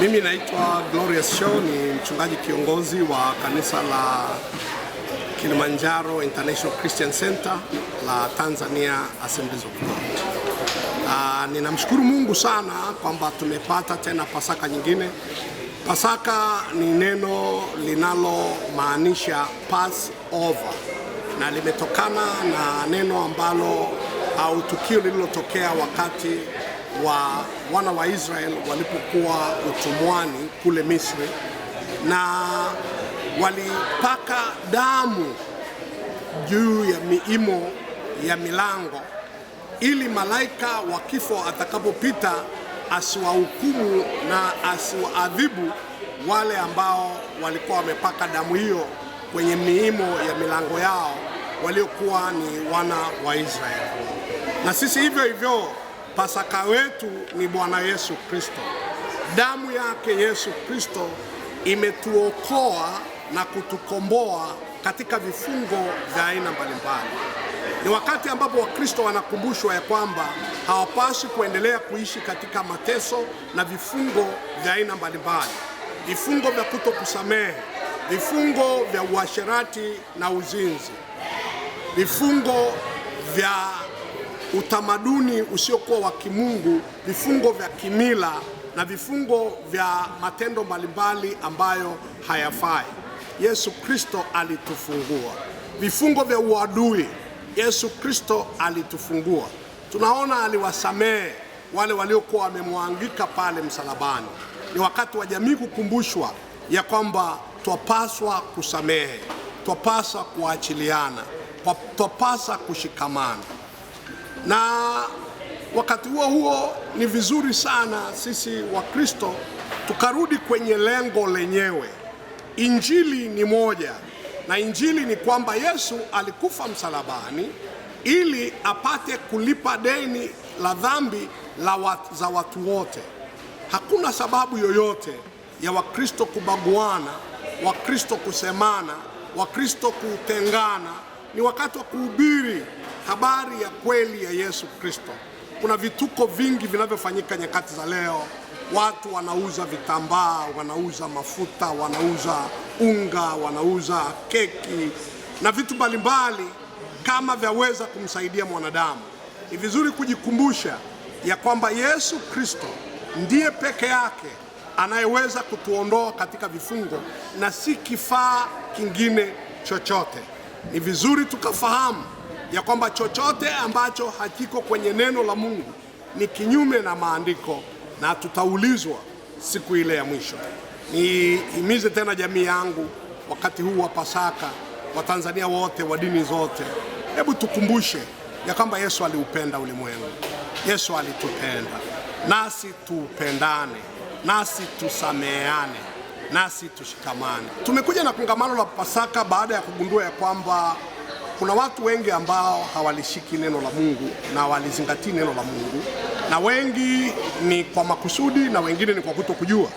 Mimi naitwa Glorious Show, ni mchungaji kiongozi wa kanisa la Kilimanjaro International Christian Center la Tanzania Assemblies of God. Uh, ninamshukuru Mungu sana kwamba tumepata tena Pasaka nyingine. Pasaka ni neno linalomaanisha pass over na limetokana na neno ambalo au tukio lililotokea wakati wa wana wa Israel walipokuwa utumwani kule Misri, na walipaka damu juu ya miimo ya milango ili malaika wa kifo atakapopita asiwahukumu na asiwaadhibu wale ambao walikuwa wamepaka damu hiyo kwenye miimo ya milango yao waliokuwa ni wana wa Israeli. Na sisi hivyo hivyo Pasaka wetu ni Bwana Yesu Kristo. Damu yake Yesu Kristo imetuokoa na kutukomboa katika vifungo vya aina mbalimbali. Ni wakati ambapo Wakristo wanakumbushwa ya kwamba hawapaswi kuendelea kuishi katika mateso na vifungo vya aina mbalimbali, vifungo vya kutokusamehe, vifungo vya uasherati na uzinzi, vifungo vya utamaduni usiokuwa wa kimungu, vifungo vya kimila na vifungo vya matendo mbalimbali ambayo hayafai. Yesu Kristo alitufungua vifungo vya uadui. Yesu Kristo alitufungua. Tunaona aliwasamehe wale waliokuwa wamemwangika pale msalabani. Ni wakati wa jamii kukumbushwa ya kwamba twapaswa kusamehe, twapaswa kuachiliana, twapaswa kushikamana na wakati huo huo ni vizuri sana sisi Wakristo tukarudi kwenye lengo lenyewe. Injili ni moja, na injili ni kwamba Yesu alikufa msalabani ili apate kulipa deni la dhambi la wat, za watu wote. Hakuna sababu yoyote ya Wakristo kubaguana, Wakristo kusemana, Wakristo kutengana ni wakati wa kuhubiri habari ya kweli ya Yesu Kristo. Kuna vituko vingi vinavyofanyika nyakati za leo. Watu wanauza vitambaa, wanauza mafuta, wanauza unga, wanauza keki na vitu mbalimbali kama vyaweza kumsaidia mwanadamu. Ni vizuri kujikumbusha ya kwamba Yesu Kristo ndiye peke yake anayeweza kutuondoa katika vifungo na si kifaa kingine chochote. Ni vizuri tukafahamu ya kwamba chochote ambacho hakiko kwenye neno la Mungu ni kinyume na maandiko na tutaulizwa siku ile ya mwisho. Nihimize tena jamii yangu wakati huu wa Pasaka, Watanzania wote wa dini zote, hebu tukumbushe ya kwamba Yesu aliupenda ulimwengu, Yesu alitupenda, nasi tupendane, nasi tusameane nasi tushikamane. Tumekuja na kongamano la Pasaka baada ya kugundua ya kwamba kuna watu wengi ambao hawalishiki neno la Mungu na hawalizingatii neno la Mungu, na wengi ni kwa makusudi na wengine ni kwa kuto kujua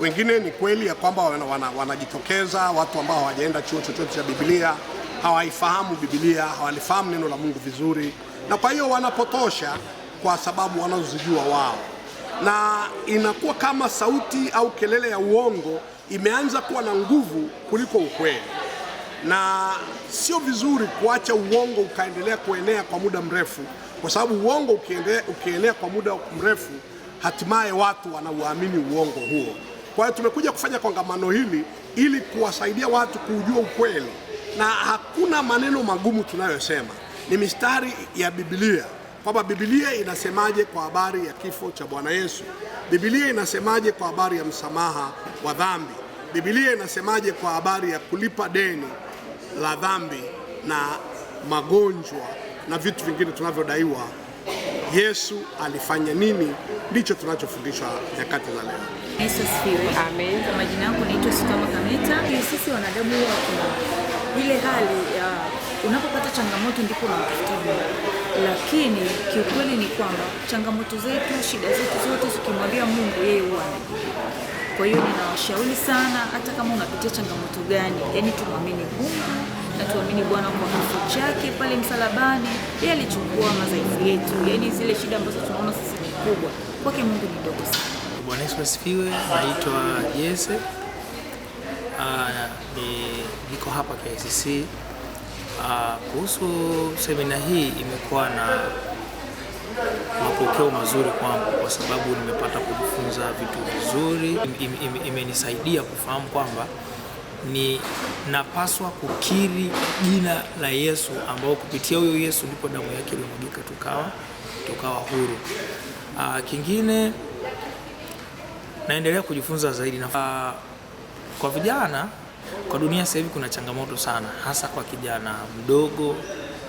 Wengine ni kweli ya kwamba wanajitokeza wana, wana watu ambao hawajaenda chuo chochote cha Biblia, hawaifahamu Biblia, hawalifahamu neno la Mungu vizuri, na kwa hiyo wanapotosha kwa sababu wanazozijua wao na inakuwa kama sauti au kelele ya uongo imeanza kuwa na nguvu kuliko ukweli, na sio vizuri kuacha uongo ukaendelea kuenea kwa muda mrefu, kwa sababu uongo ukiendelea, ukienea kwa muda mrefu, hatimaye watu wanauamini uongo huo. Kwa hiyo tumekuja kufanya kongamano hili ili kuwasaidia watu kuujua ukweli, na hakuna maneno magumu tunayosema, ni mistari ya Biblia kwamba Biblia inasemaje kwa habari ya kifo cha Bwana Yesu. Biblia inasemaje kwa habari ya msamaha wa dhambi. Biblia inasemaje kwa habari ya kulipa deni la dhambi na magonjwa na vitu vingine tunavyodaiwa. Yesu alifanya nini? Ndicho tunachofundishwa nyakati za leo. Yesu asifiwe. Amen. Kwa majina yangu naitwa Sukama Kameta. Sisi wanadamu huwa kuna ile hali ya unapopata changamoto ndipo unamtafuta Mungu lakini kiukweli ni kwamba changamoto zetu, shida zetu zote zikimwambia Mungu, yeye huwa anajibu. Kwa hiyo ninawashauri sana, hata kama unapitia changamoto gani, yani tumwamini Mungu na tuamini Bwana kwa kifo chake pale msalabani, yeye alichukua madhaifu yetu, yani zile shida ambazo tunaona sisi ni kubwa, kwake Mungu ni ndogo sana. Bwana Yesu asifiwe. Naitwa Jesse, ah, niko hapa KCC. Ah, kuhusu semina hii imekuwa na mapokeo mazuri kwangu kwa sababu nimepata kujifunza vitu vizuri. Im, im, kufahamu kwamba ninapaswa kukiri jina la Yesu ambao kupitia huyo Yesu ndipo damu yake ilimwagika tukawa tukawa huru. Aa, ah, kingine naendelea kujifunza zaidi na, ah, kwa vijana kwa dunia sasa hivi kuna changamoto sana, hasa kwa kijana mdogo,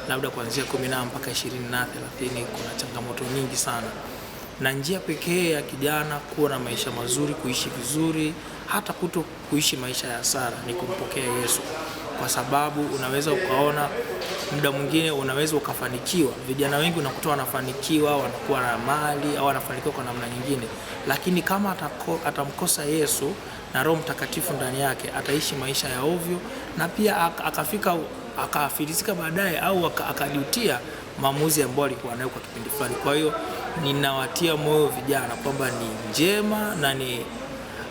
labda kuanzia kumi na mpaka ishirini na thelathini. Kuna changamoto nyingi sana, na njia pekee ya kijana kuwa na maisha mazuri, kuishi vizuri, hata kuto kuishi maisha ya hasara ni kumpokea Yesu kwa sababu unaweza ukaona muda mwingine unaweza ukafanikiwa. Vijana wengi unakuta wanafanikiwa, wanakuwa na mali au wanafanikiwa kwa namna nyingine, lakini kama atako, atamkosa Yesu na Roho Mtakatifu ndani yake ataishi maisha ya ovyo, na pia akafika akafilisika baadaye au akajutia maamuzi ambayo alikuwa nayo kwa kipindi fulani. Kwa hiyo ninawatia moyo vijana kwamba ni njema na ni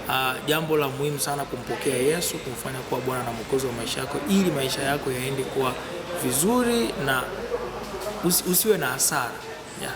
uh, jambo la muhimu sana kumpokea Yesu, kumfanya kuwa Bwana na Mwokozi wa maisha yako, ili maisha yako yaende kuwa vizuri na usi, usiwe na hasara.